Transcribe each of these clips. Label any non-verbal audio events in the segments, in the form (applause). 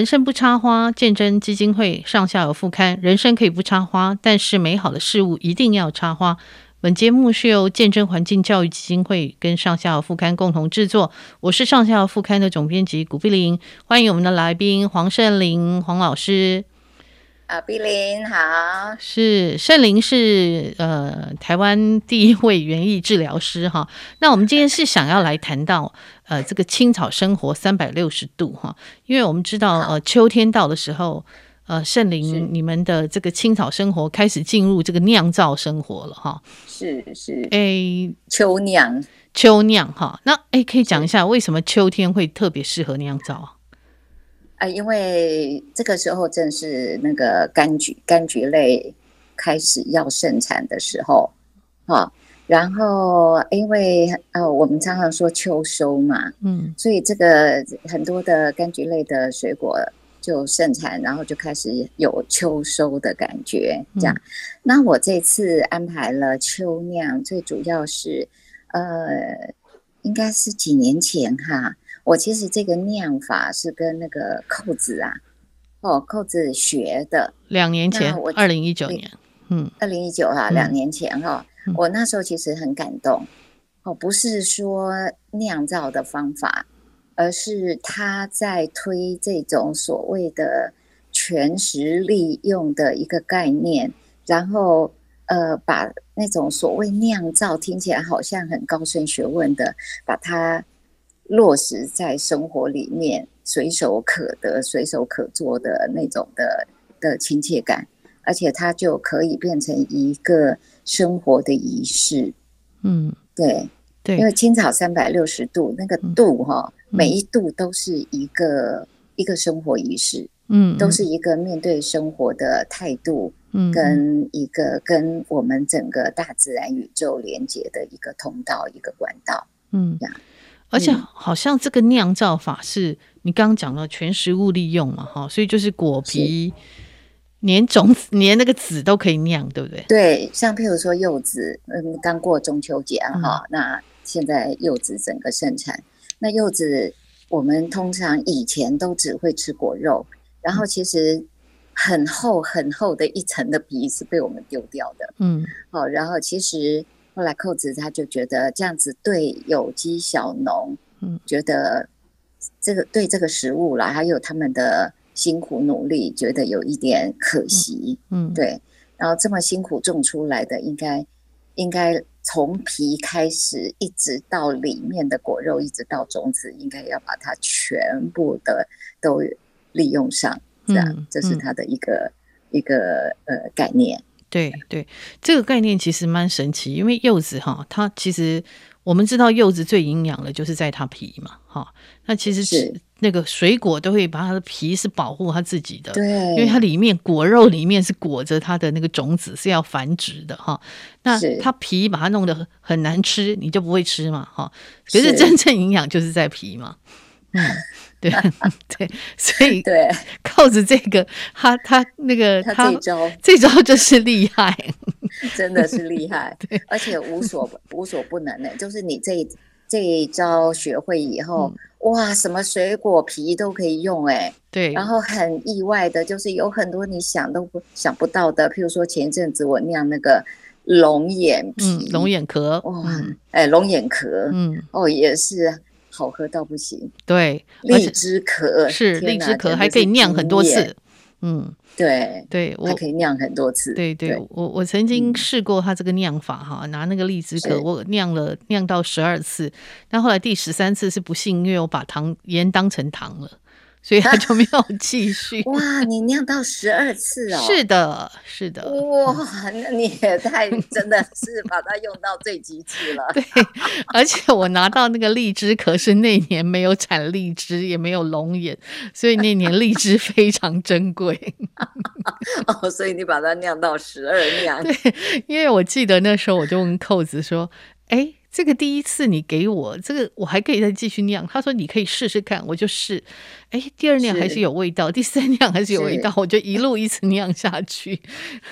人生不插花，見證基金會上下游副刊。人生可以不插花，但是美好的事物一定要插花。本節目是由見證環境教育基金會跟上下游副刊共同製作。我是上下游副刊的總編輯古碧玲，歡迎我們的來賓黃盛璘、黃老師。啊，碧玲好，是盛璘是呃台灣第一位園藝治療師哈。那我們今天是想要來談到 (laughs) 呃這個青草生活三百六十度哈，因為我們知道呃秋天到的時候，呃盛璘你們的這個青草生活開始進入這個釀造生活了哈。是是，哎、欸，秋釀秋釀哈，那誒、欸、可以講一下為什麼秋天會特別適合釀造啊？啊，因為這個時候正是那個柑橘柑橘類開始要盛產的時候，哈、啊。然後因為呃、啊，我們常常說秋收嘛，嗯，所以這個很多的柑橘類的水果就盛產，然後就開始有秋收的感覺這樣、嗯。那我這次安排了秋釀，最主要是呃，應該是幾年前哈。我其實這個釀法是跟那個扣子啊，哦，扣子學的，兩年前，二零一九年，嗯，二零一九哈，兩年前哈、哦嗯，我那時候其實很感動、嗯，哦，不是說釀造的方法，而是他在推這種所謂的全食利用的一個概念，然後呃，把那種所謂釀造聽起來好像很高深學問的，把它。落實在生活裡面，隨手可得、隨手可做的那種的的親切感，而且它就可以變成一個生活的儀式。嗯，對，對，因為青草三百六十度那個度哈、哦嗯，每一度都是一個、嗯、一個生活儀式，嗯，都是一個面對生活的態度，嗯，跟一個跟我們整個大自然宇宙連接的一個通道，一個管道，嗯，這樣。而且好像這個釀造法是、嗯、你剛剛講到全食物利用嘛，哈，所以就是果皮、連種子、連那個籽都可以釀，對不對？對，像譬如說柚子，嗯，剛過中秋節哈、嗯哦，那現在柚子整個盛產。那柚子我們通常以前都只會吃果肉，然後其實很厚很厚的一層的皮是被我們丟掉的，嗯，好、哦，然後其實。後來，釦子他就覺得這樣子對有機小農，嗯，覺得這個對這個食物啦，還有他們的辛苦努力，覺得有一點可惜，嗯，對。然後這麼辛苦種出來的，應該應該從皮開始，一直到裡面的果肉，一直到種子，應該要把它全部的都利用上。這樣，這是他的一個一個呃概念。對對，這個概念其實蠻神奇，因為柚子哈，它其實我們知道柚子最營養的就是在它皮嘛，哈，那其實是，是那個水果都會把它的皮是保護它自己的，對，因為它裡面果肉裡面是裹着它的那個種子是要繁殖的哈，那它皮把它弄得很難吃，你就不會吃嘛，哈，可是真正營養就是在皮嘛。 (laughs) 嗯，對對，所以對，靠着這個，他他那個他這招這招就是厲害， (laughs) 真的是厲害，對而且無所無所不能呢，就是你這 (laughs) 這一招學會以後、嗯，哇，什麼水果皮都可以用哎。對、嗯，然後很意外的就是有很多你想都不想不到的，譬如說前陣子我釀那個龍眼皮，皮、嗯，龍眼殼，哇、哦，哎、嗯欸嗯哦欸，龍眼殼，嗯，哦，也是。好喝到不行，對，荔枝殼是荔枝殼，還可以釀很多次。嗯，對對，我可以釀很多次。對、嗯、對，我對對對我，我曾經試過它這個釀法哈、嗯，拿那個荔枝殼，我釀了釀到十二次，但後來第十三次是不幸，因為我把糖鹽當成糖了。所以他就沒有繼續、啊。哇，你釀到十二次哦！是的，是的。哇，那你也太 (laughs) 真的是把它用到最極緻了。對，而且我拿到那個荔枝， (laughs) 可是那年沒有產荔枝，也沒有龍眼，所以那年荔枝非常珍貴。哦，所以你把它釀到十二釀。對，因為我記得那時候我就問扣子說：“哎、 (laughs) 欸。”這個第一次你給我這個，我還可以再繼續釀。他說你可以試試看，我就試。哎，第二釀還是有味道，第三釀還是有味道，我就一路一直釀下去。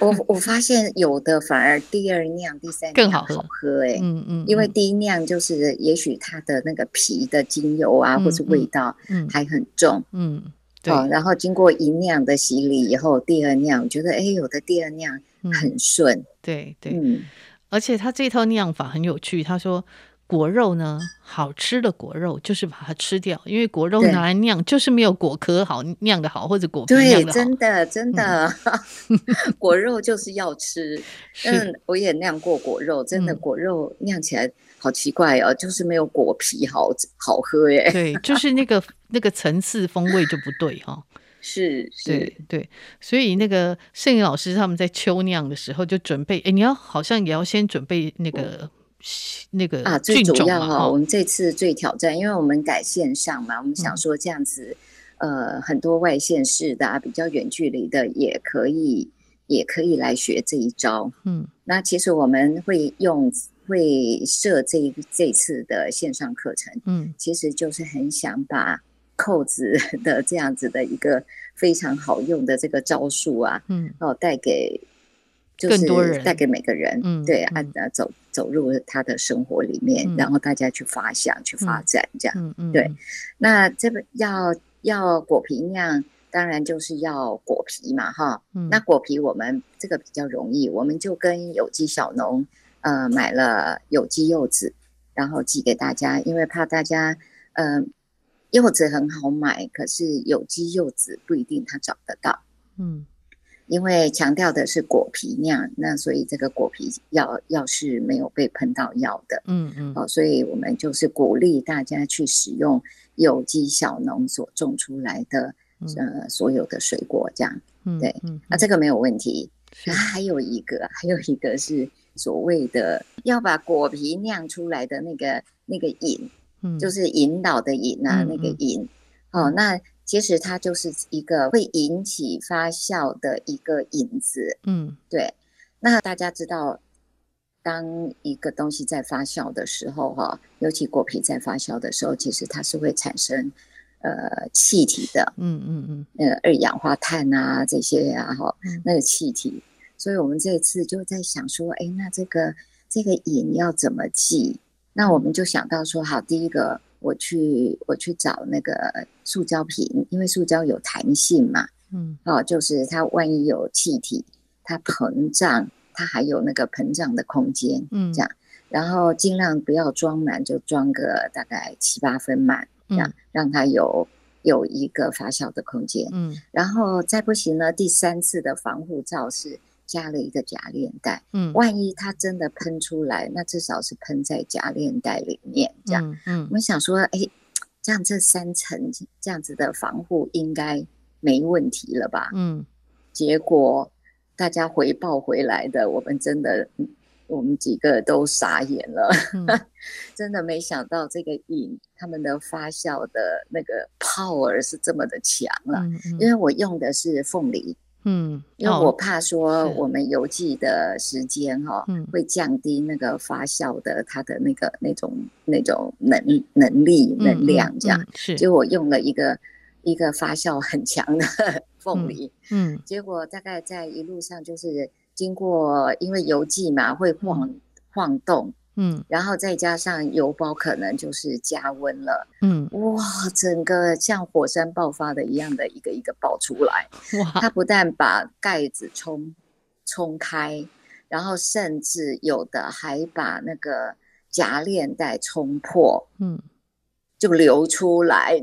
我我發現有的反而第二釀、第三釀好喝、欸、更好喝。哎，嗯嗯，因為第一釀就是也許它的那個皮的精油啊，嗯、或是味道還很重嗯嗯。嗯，對。然後經過一釀的洗禮以後，第二釀我覺得哎，有的第二釀很順。嗯、對對，嗯。而且他這套釀法很有趣。他說：“果肉呢，好吃的果肉就是把它吃掉，因為果肉拿來釀就是沒有果殼好釀得好，或者果皮好。”對，真的真的，嗯、 (laughs) 果肉就是要吃。嗯，我也釀過果肉，真的果肉釀起來好奇怪哦，就是沒有果皮好好喝耶。對，就是那個那個層次風味就不對哈、哦。 (laughs) 是是對，對，所以那個，盛璘老師他們在秋釀的時候就準備，哎，你要好像也要先準備那個、嗯、那個啊，最主要哈、哦哦，我們這次最挑戰，因為我們改線上嘛，我們想說這樣子，嗯、呃，很多外縣市的啊，比較遠距離的也可以也可以來學這一招，嗯，那其實我們會用會設這一這次的線上課程，嗯，其實就是很想把。扣子的這樣子的一個非常好用的這個招數啊，嗯，哦、呃，帶給就是帶給每個人，更多人對，嗯，對、嗯、按，走走入他的生活裡面，嗯、然後大家去發想，嗯、去發展，這樣，嗯嗯，對。那這個要要果皮釀，當然就是要果皮嘛，哈、嗯，那果皮我們這個比較容易，我們就跟有機小農，呃，買了有機柚子，然後寄給大家，因為怕大家，嗯、呃。柚子很好買，可是有機柚子不一定它找得到，嗯，因為強調的是果皮釀，那所以這個果皮要要是沒有被噴到藥的，嗯嗯、哦，所以我們就是鼓勵大家去使用有機小農所種出來的、嗯，呃，所有的水果這樣，嗯、對、嗯嗯嗯，那這個沒有問題。還有一個，還有一個是所謂的要把果皮釀出來的那個那個飲。就是引導的引啊、嗯，那個引、嗯、哦，那其實它就是一個會引起發酵的一個引子。嗯，對。那大家知道，當一個東西在發酵的時候，哈，尤其果皮在發酵的時候，其實它是會產生呃氣體的。嗯嗯嗯，那個二氧化碳啊，這些啊，哈、哦，那個氣體。所以我們這一次就在想說，哎、欸，那這個這個引要怎麼記？那我們就想到說，好，第一個，我去我去找那個塑膠瓶，因為塑膠有彈性嘛，嗯，哦、啊，就是它萬一有氣體，它膨脹，它還有那個膨脹的空間，嗯，這樣、嗯，然後盡量不要裝滿，就裝個大概七八分滿，這樣、嗯、讓它有有一個發酵的空間，嗯，然後再不行呢，第三次的防護罩是。加了一個夾鏈袋，嗯，萬一它真的噴出來，那至少是噴在夾鏈袋裡面，這樣嗯，嗯，我想說，哎、欸，這樣這三層這樣子的防護應該沒問題了吧，嗯，結果大家回報回來的，我們真的，我們幾個都傻眼了，嗯、 (laughs) 真的沒想到這個影他們的發酵的那個 power 是這麼的強了，嗯嗯、因為我用的是鳳梨。嗯，因為我怕說我們郵寄的時間哈，會降低那個發酵的它的那個那種那種能能力能量這樣，嗯嗯嗯、是，就我用了一個一個發酵很強的鳳梨嗯，嗯，結果大概在一路上就是經過，因為郵寄嘛，會晃晃動。嗯，然後再加上油包可能就是加溫了，嗯，哇，整個像火山爆發的一樣的一個一個爆出來，哇，它不但把蓋子衝衝開，然後甚至有的還把那個夾鏈帶衝破，嗯，就流出來，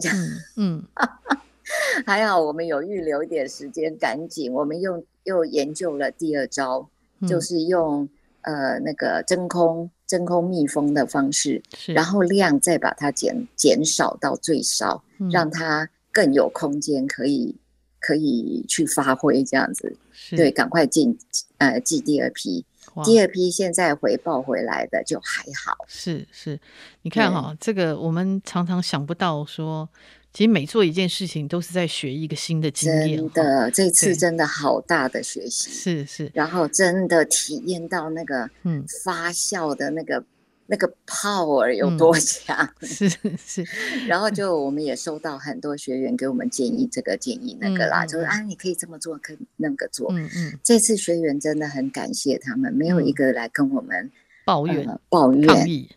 嗯，嗯 (laughs) 還好我們有預留一點時間，趕緊我們又又研究了第二招，嗯，就是用呃那個真空。真空密封的方式，然後量再把它減減少到最少，嗯，讓它更有空間可以可以去發揮這樣子。對，趕快進呃寄第二批，第二批現在回報回來的就還好。是是，你看哈，哦嗯，這個我們常常想不到說。其實每做一件事情，都是在學一個新的經驗。真的，這次真的好大的學習。是是。然後真的體驗到那個嗯發酵的那個、嗯、那個 power 有多強。嗯、是是。然後就我們也收到很多學員給我們建議這個建議那個啦，嗯、就是啊你可以這麼做，可以那個做。嗯嗯。這次學員真的很感謝他們，沒有一個來跟我們抱怨、嗯呃、抱怨。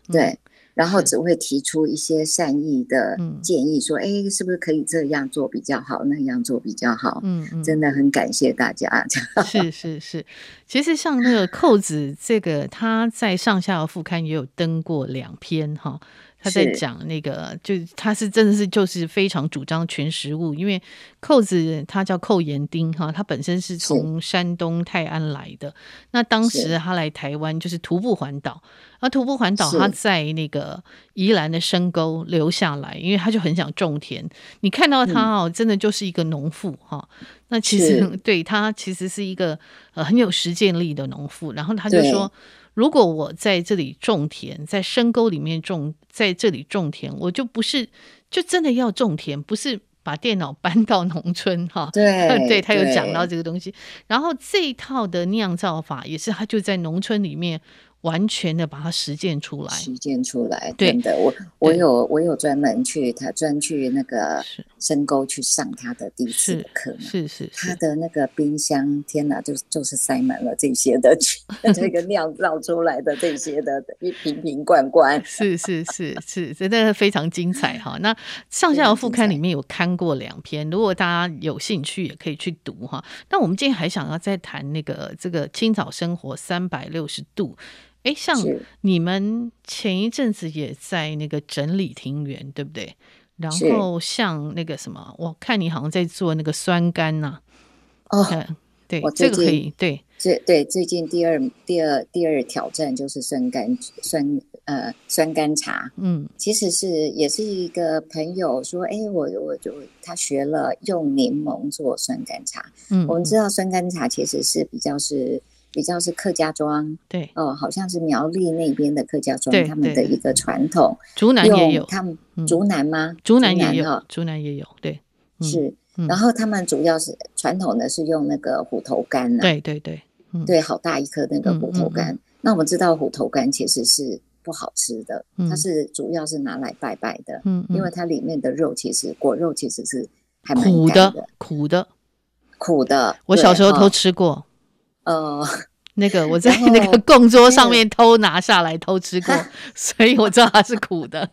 對。然後只會提出一些善意的建議，說：“哎、嗯，是不是可以這樣做比較好？那樣做比較好？”嗯，嗯真的很感謝大家。是是是， (laughs) 其實像那個扣子，這個他在上下游副刊也有登過兩篇哈。他在講那個是，就他是真的是就是非常主張全食物，因為寇子，他叫寇延丁哈，他本身是從山東泰安來的。那當時他來台灣就是徒步環島，而徒步環島他在那個宜蘭的深溝留下來，因為他就很想種田。你看到他哦，真的就是一個農婦哈。那其實對他其實是一個呃很有實踐力的農婦，然後他就說。如果我在這裡種田，在深溝裡面種，在這裡種田，我就不是，就真的要種田，不是把電腦搬到農村哈。對，對他有講到這個東西。然後這一套的釀造法也是他就在農村裡面。完全的把它實踐出來，實踐出來。對的，我我有我有專門去他，專去那個深溝去上他的第一次課是是，是，是，他的那個冰箱，天哪，就就是塞滿了這些的，這 (laughs) (laughs) 個釀造出來的這些的瓶 (laughs) 瓶罐罐。是是是是，真的非常精彩哈。 (laughs) 那上下游副刊裡面有看過兩篇，如果大家有興趣也可以去讀哈。那我們今天還想要再談那個這個青草生活三百六十度。哎，像你們前一陣子也在那個整理庭園，對不對？然後像那個什麼，我看你好像在做那個酸柑吶、啊。哦，嗯、對，這個可以。對，最對最近第二第二第二挑戰就是酸柑酸呃酸柑茶。嗯，其實是也是一個朋友說，哎，我我就他學了用檸檬做酸柑茶。嗯，我們知道酸柑茶其實是比較是。.比較是客家莊，對哦，好像是苗栗那邊的客家莊，他們的一個傳統，竹南也有他們、嗯、竹南嗎？竹南也有，竹南也、也有，對、嗯、是、嗯。然後他們主要是傳統的是用那個虎頭柑、啊，對對對、嗯、對，好大一顆那個虎頭柑、嗯嗯。那我們知道虎頭柑其實是不好吃的、嗯，它是主要是拿來拜拜的，嗯，因為它裡面的肉其實果肉其實是還蠻乾的苦的，苦的苦的。我小時候偷吃過。呃，那個我在那個供桌上面偷拿下來偷吃過，吃過 (laughs) 所以我知道它是苦的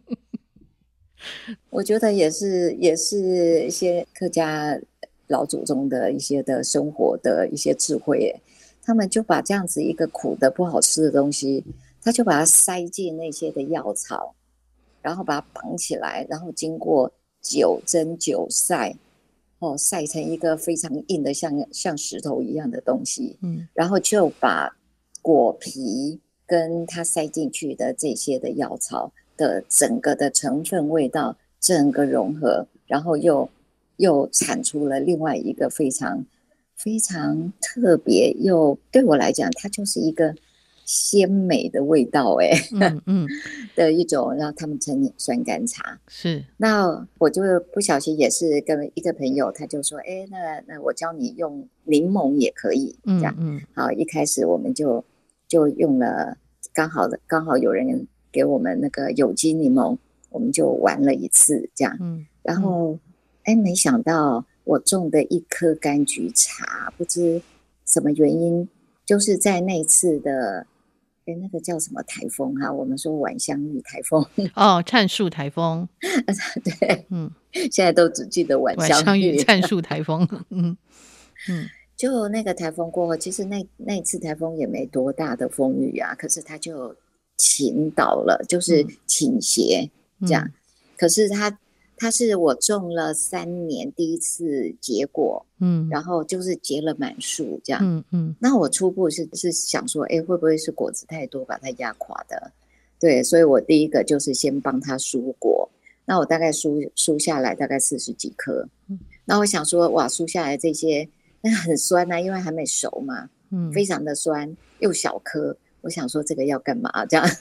(laughs) 。 (laughs) 我覺得也是，也是一些客家老祖宗的一些的生活的一些智慧。他們就把這樣子一個苦的不好吃的東西，他就把它塞進那些的藥草，然後把它綁起來，然後經過九蒸九曬。哦，曬成一個非常硬的，像像石頭一樣的東西，嗯，然後就把果皮跟它塞進去的這些的藥草的整個的成分、味道，整個融合，然後又又產出了另外一個非常非常特別，又對我來講，它就是一個。鮮美的味道，欸，哎、嗯，嗯 (laughs) 的一種，讓他們稱酸甘茶是。那我就不小心也是跟一個朋友，他就說，哎、欸，那那我教你用檸檬也可以，這樣嗯嗯，好，一開始我們就就用了剛，剛好剛好有人給我們那個有機檸檬，我們就玩了一次，這樣，嗯，嗯然後哎、欸，沒想到我種的一棵柑橘茶，不知什麼原因，就是在那一次的。哎、欸，那個叫什麼台風啊？我們說晚香玉台風哦，燦樹台風。 (laughs) 對，嗯，現在都只記得晚香玉、燦樹台風。嗯 (laughs) 嗯，就那個台風過後，其實那那次台風也沒多大的風雨啊，可是它就傾倒了，就是傾斜、嗯、這樣、嗯。可是它。它是我種了三年第一次結果，嗯，然後就是結了滿樹這樣，嗯嗯。那我初步是是想說，哎，會不會是果子太多把它壓垮的？對，所以我第一個就是先幫它疏果。那我大概疏疏下來大概四十幾顆，嗯，那我想說，哇，疏下來這些那很酸啊，因為還沒熟嘛，嗯，非常的酸又小顆，我想說這個要幹嘛這樣？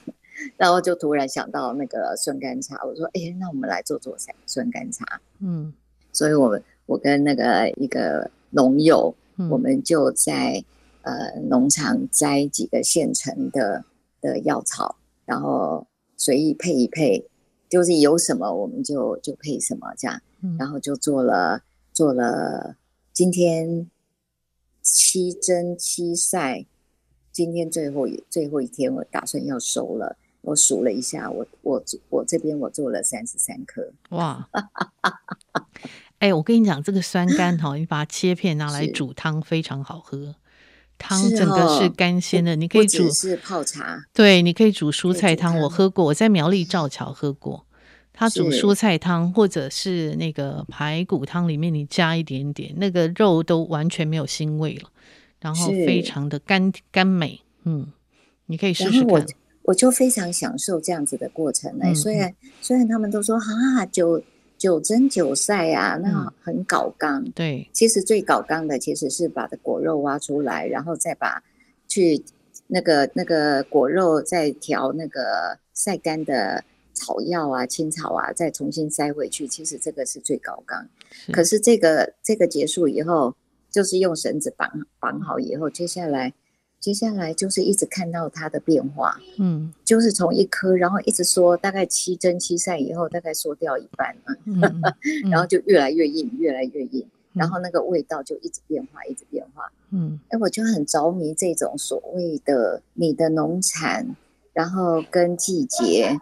然後就突然想到那個酸柑茶，我說：“哎，那我們來做做噻酸柑茶？”嗯，所以我，我們我跟那個一個農友，嗯、我們就在呃農場摘幾個現成的的藥草，然後隨意配一配，就是有什麼我們就就配什麼這樣，嗯、然後就做了做了。今天七蒸七曬，今天最後一最後一天，我打算要收了。我數了一下，我我我這邊我做了三十三顆。哇！哎、欸，我跟你講，這個酸柑哦， (laughs) 你把它切片拿來煮湯，非常好喝。湯整個是甘鮮的、哦，你可以煮只是泡茶。對，你可以煮蔬菜湯。我喝過，我在苗栗造橋喝過，他煮蔬菜湯或者是那個排骨湯裡面，你加一點點，那個肉都完全沒有腥味了，然後非常的甘甘美。嗯，你可以試試看。我就非常享受這樣子的過程所、欸、以、嗯、雖、雖然他們都說哈九九蒸九曬啊，那很搞剛、嗯，對，其實最搞剛的其實是把果肉挖出來，然後再把去那個那個果肉再調那個曬乾的草藥啊、青草啊，再重新塞回去，其實這個是最搞剛。可是這個這個結束以後，就是用繩子綁綁好以後，接下來。接下來就是一直看到它的變化，嗯，就是從一顆，然後一直說大概七蒸七曬以後，大概縮掉一半嘛，嗯嗯、 (laughs) 然後就越來越硬，越來越硬、嗯，然後那個味道就一直變化，一直變化，嗯，哎、欸，我就很着迷這種所謂的你的農產，然後跟季節、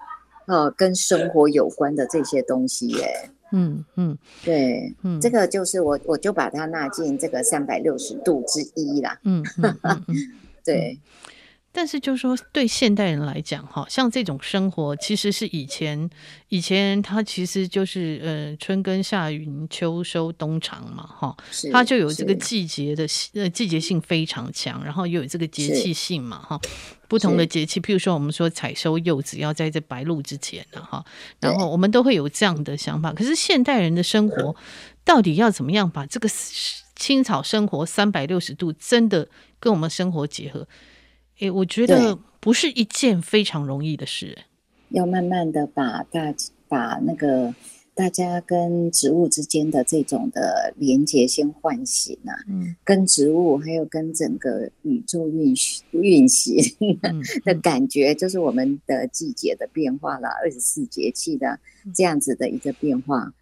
呃，跟生活有關的這些東西、欸，哎，嗯嗯，對嗯，這個就是我我就把它納進這個三百六十度之一啦，嗯。嗯嗯 (laughs) 對、嗯，但是就是說，對現代人來講，哈，像這種生活，其實是以前，以前它其實就是，呃，春耕夏耘秋收冬藏嘛，哈，它就有這個季節的，呃，季節性非常強，然後又有這個節氣性嘛，哈，不同的節氣，譬如說，我們說採收柚子要在這白露之前呢，哈，然後我們都會有這樣的想法。可是現代人的生活，到底要怎麼樣把這個？青草生活三百六十度真的跟我們生活結合，哎，我覺得不是一件非常容易的事，要慢慢的把大把那個大家跟植物之間的這種的連接先喚醒啊，嗯，跟植物還有跟整個宇宙運行運行的感覺、嗯，就是我們的季節的變化了，二十四節氣的、嗯、這樣子的一個變化。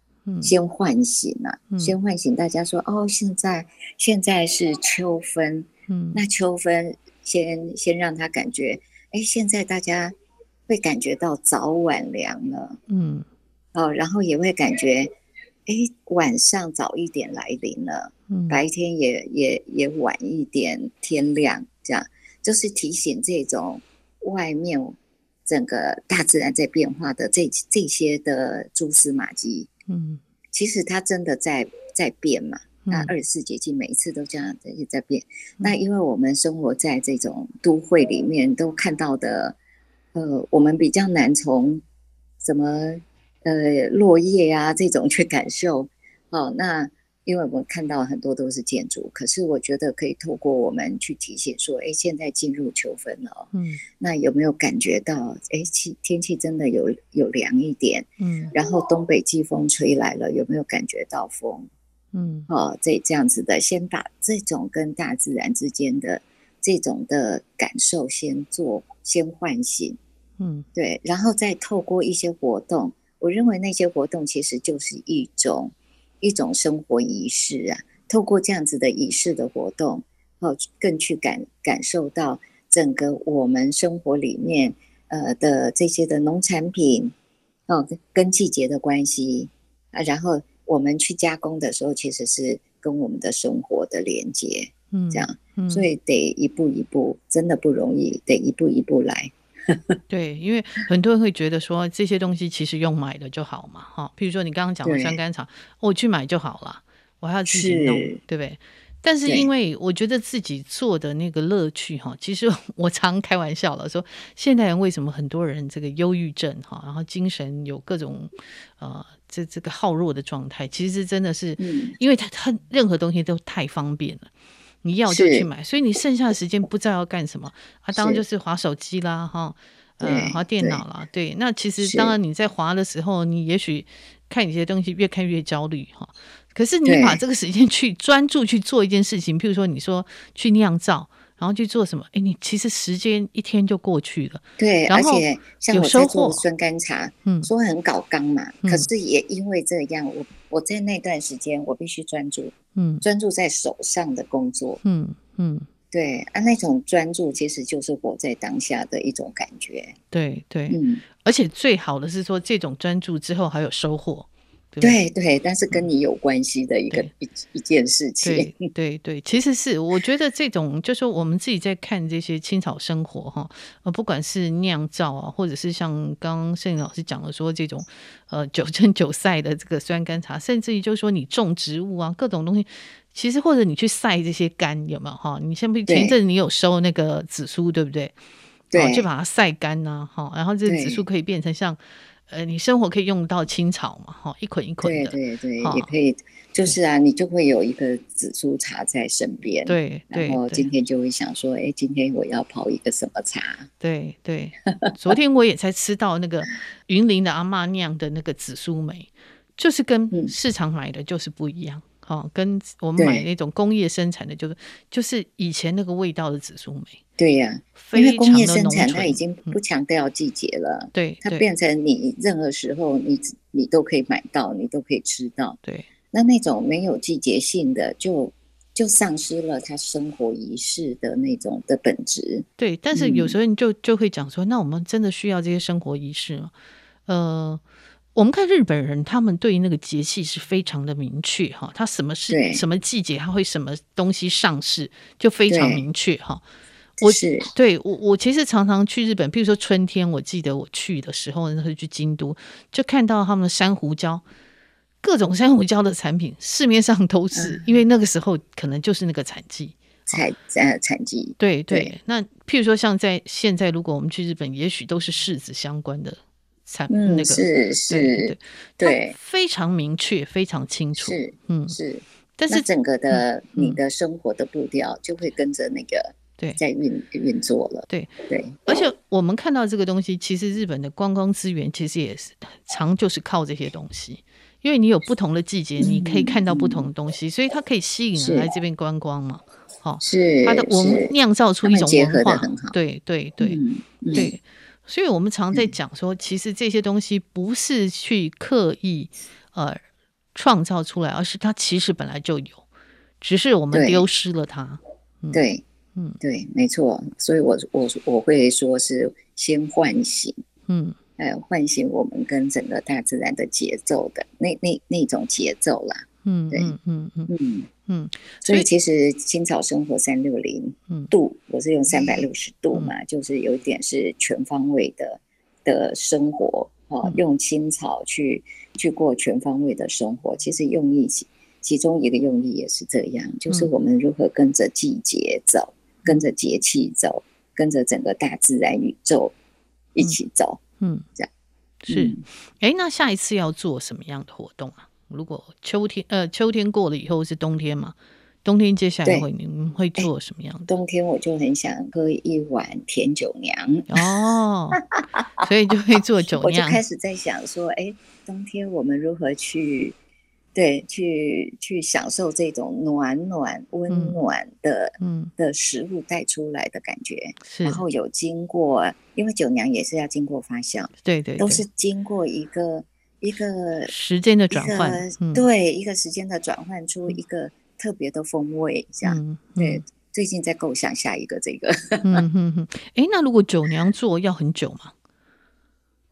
先喚醒了、啊嗯，先喚醒大家說、嗯、哦，現在現在是秋分，嗯，那秋分先先讓他感覺，哎、欸，現在大家會感覺到早晚涼了，嗯，哦，然後也會感覺，哎、欸，晚上早一點來臨了、嗯，白天也也也晚一點天亮，這樣就是提醒這種外面整個大自然在變化的這這些的蛛絲馬跡。嗯，其實它真的在在變嘛。那二十四節氣每一次都這樣子在在變、嗯。那因為我們生活在這種都會裡面，都看到的，呃，我們比較難從什麼呃落葉啊這種去感受。哦，那。因為我們看到很多都是建築，可是我覺得可以透過我們去提醒說，哎，現在進入秋分了，嗯，那有沒有感覺到？哎，氣天氣真的有有涼一點，嗯，然後東北季風吹來了，嗯，有沒有感覺到風？嗯，哦，這這樣子的，先把這種跟大自然之間的這種的感受先做，先喚醒，嗯，對，然後再透過一些活動，我認為那些活動其實就是一種。一種生活儀式啊，透過這樣子的儀式的活動，哦，更去感感受到整個我們生活裡面呃的這些的農產品，哦跟季節的關係啊，然後我們去加工的時候，其實是跟我們的生活的連接，嗯，嗯，這樣，所以得一步一步，真的不容易，得一步一步來。 (laughs) 對，因為很多人會覺得說，這些東西其實用買的就好嘛，哈，譬如說你剛剛講的香乾草，我去買就好了，我還要自己弄，對不對？但是因為我覺得自己做的那個樂趣，哈，其實我常開玩笑了，說，現代人為什麼很多人這個憂鬱症，哈，然後精神有各種呃，這這個耗弱的狀態，其實真的是，嗯，因為他他任何東西都太方便了。你要就去買，所以你剩下的時間不知道要幹什麼他、啊、當然就是划手機啦，哈，呃，划電腦啦，對。對，那其實當然你在划的時候，你也許看一些東西，越看越焦慮，哈。可是你把這個時間去專注去做一件事情，譬如說你說去釀造，然後去做什麼？哎、欸，你其實時間一天就過去了。對，有而且像有收穫。做酸柑茶，嗯，說很搞剛嘛、嗯，可是也因為這樣我。我在那段時間，我必須專注，嗯，專注在手上的工作，嗯嗯，對啊，那種專注其實就是活在當下的一種感覺，對對，嗯，而且最好的是說，這種專注之後還有收穫。對對，對對，但是跟你有關係的一個一一件事情，對對，對其實是我覺得這種就是說我們自己在看這些青草生活哈，呃， (laughs) 不管是釀造啊，或者是像剛，剛盛璘老師講的說這種呃九蒸九曬的這個酸甘茶，甚至於就是說你種植物啊，各種東西，其實或者你去曬這些乾有沒有哈？你先不前一陣你有收那個紫蘇對不對？對，去把它曬乾呢，哈，然後這紫蘇可以變成像。呃，你生活可以用到青草嘛？哈，一捆一捆的。對對對，啊、也可以。就是啊，你就會有一個紫蘇茶在身邊。對對。然後今天就會想說，哎、欸，今天我要泡一個什麼茶？對對、對。 (laughs) 昨天我也才吃到那個雲林的阿媽釀的那個紫蘇梅， (laughs) 就是跟市場買的就是不一樣。哈、嗯啊，跟我們買那種工業生產的，就是就是以前那個味道的紫蘇梅。對呀、啊，因為工業生產它已經不強調季節了，嗯、對，對，它變成你任何時候你你都可以買到，你都可以吃到。對，那那種沒有季節性的就，就就喪失了它生活儀式的那種的本質。對，但是有時候你就、嗯、就，就會講說，那我們真的需要這些生活儀式嗎？呃，我們看日本人，他們對於那個節氣是非常的明確哈，他什麼是什麼季節，他會什麼東西上市，就非常明確哈。我是對我，我其實常常去日本。比如說春天，我記得我去的時候，那時候去京都，就看到他們珊瑚礁，各種珊瑚礁的產品、嗯、市面上都是、嗯，因為那個時候可能就是那個產季，才呃產季。啊、對對，對。那譬如說，像在現在，如果我們去日本，也許都是柿子相關的產那個是是、嗯那個、對，是對對對非常明確，非常清楚。是嗯是。但是整個的你的生活的步調就會跟着那個。對，在運運作了，對對，而且我們看到這個東西，其實日本的觀光資源其實也是常就是靠這些東西，因為你有不同的季節，你可以看到不同的東西，嗯、所以它可以吸引人來這邊觀光嘛。好、哦，是它的我們釀造出一種文化，對對對、嗯、對、嗯，所以我們常在講說、嗯，其實這些東西不是去刻意呃創造出來，而是它其實本來就有，只是我們丟失了它。對。嗯對嗯，對，沒錯，所以我我我會說是先喚醒，嗯，哎、呃，喚醒我們跟整個大自然的節奏的那那那種節奏啦，嗯，對，嗯嗯嗯嗯，所以其實青草生活三六零度，嗯，我是用三百六十度嘛，嗯，就是有一點是全方位的的生活，嗯、哦，用青草去去過全方位的生活，其實用意其中一個用意也是這樣，就是我們如何跟着季節走。跟着節氣走，跟着整個大自然宇宙一起走，嗯，嗯這樣是。哎、嗯，那下一次要做什麼樣的活動啊？如果秋天，呃，秋天過了以後是冬天嘛？冬天接下來會，你們會做什麼樣？冬天我就很想喝一碗甜酒釀。哦，所以就會做酒釀。 (laughs) 我就開始在想說，哎，冬天我們如何去？對，去去享受這種暖暖溫暖的嗯，嗯的食物帶出來的感覺，然後有經過，因為酒釀也是要經過發酵，對對，對，都是經過一個、一個、時間的轉換，一個、嗯、一個時間的轉換，對一個時間的轉換出一個特別的風味，這樣、嗯嗯。對，最近在構想下一個這個。哎、 (laughs) 嗯哼哼，欸，那如果酒釀做要很久嗎？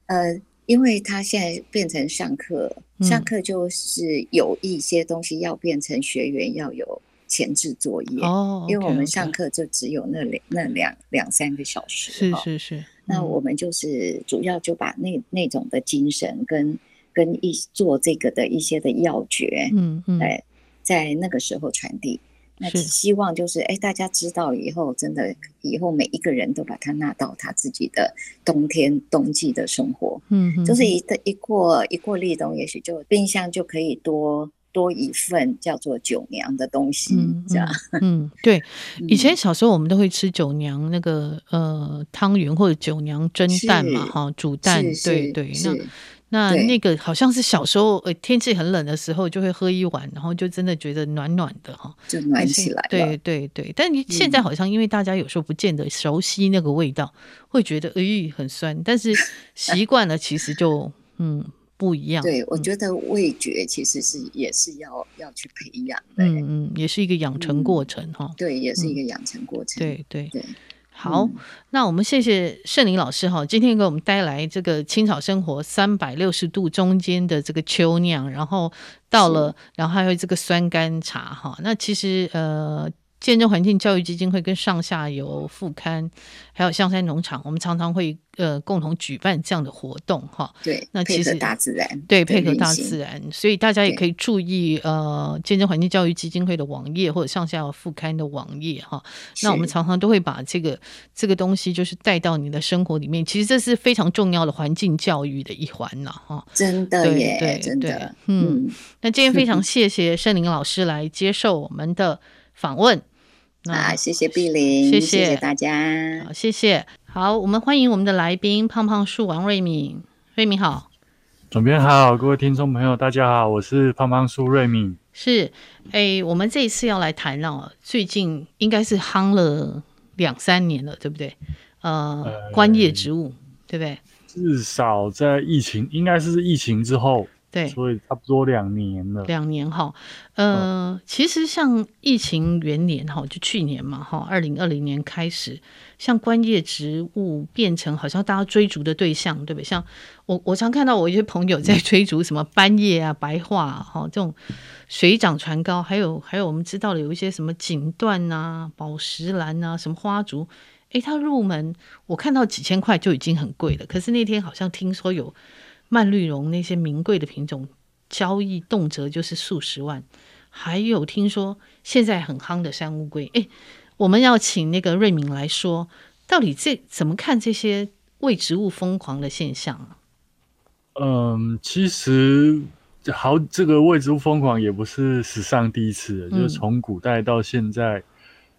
呃。因為他現在變成上課、嗯，上課就是有一些東西要變成學員要有前置作業哦，因為我們上課就只有那兩、嗯、那兩兩三個小時，是是是、嗯。那我們就是主要就把那那種的精神跟跟一做這個的一些的要訣，嗯嗯，哎、欸，在那個時候傳遞。那只希望就是，哎、欸，大家知道以後，真的以後每一個人都把它納到他自己的冬天冬季的生活，嗯，就是一的一過一過立冬，也許就冰箱就可以多多一份叫做酒娘的東西，這、嗯、樣、嗯。嗯，對，以前小時候我們都會吃酒娘那個、嗯、呃湯圓或者酒娘蒸蛋嘛，哈、哦，煮蛋，是是對，對對，是那那個好像是小時候，呃，天氣很冷的時候就會喝一碗，然後就真的覺得暖暖的哈，就暖起來、嗯。對對對，但你現在好像因為大家有時候不見得熟悉那個味道，嗯、會覺得哎很酸，但是習慣了其實就 (laughs) 嗯不一樣。對我覺得味覺其實是也是要要去培養，嗯嗯，也是一個養成過程哈。對，也是一個養成過程。對、嗯、對對。對對好、嗯，那我們謝謝盛璘老師哈，今天給我們帶來這個青草生活三百六十度中間的這個秋釀，然後到了，然後還有這個酸甘茶哈。那其實呃。建證環境教育基金會跟上下游副刊，還有象山農場，我們常常會呃共同舉辦這樣的活動哈。對，那其實配合大自然，對，對配合大自然，所以大家也可以注意呃見證環境教育基金會的網頁或者上下游副刊的網頁哈。那我們常常都會把這個這個東西就是帶到你的生活裡面，其實這是非常重要的環境教育的一環吶、啊、哈。真的耶，對，對真的對嗯，嗯。那今天非常謝謝盛璘老師來接受我們的訪問。 (laughs) 那、嗯、謝謝碧玲，謝謝大家，好，謝謝。好，我們歡迎我們的來賓胖胖樹王瑞閔。瑞閔好，總編好，各位聽眾朋友大家好，我是胖胖樹瑞閔。是，哎、欸，我們這一次要來談了，最近應該是夯了兩三年了，對不對？呃，觀葉植物，對不對？至少在疫情，應該是疫情之後。對，所以差不多兩年了。兩年哈，呃、嗯，其實像疫情元年哈，就去年嘛哈，二零二零年開始，像觀葉植物變成好像大家追逐的對象，對不對？像我，我常看到我一些朋友在追逐什麼斑葉啊、嗯、白化哈、啊、這種水漲船高，還有還有我們知道的有一些什麼錦緞啊、寶石蘭啊、什麼花燭，誒、欸、它入門我看到幾千塊就已經很貴了，可是那天好像聽說有。蔓綠絨那些名貴的品種，交易動輒就是數十萬。還有聽說現在很夯的山烏龜，誒、欸，我們要請那個瑞閔來說，到底這怎麼看這些為植物瘋狂的現象啊？嗯，其實好，這個為植物瘋狂也不是史上第一次、嗯，就是從古代到現在，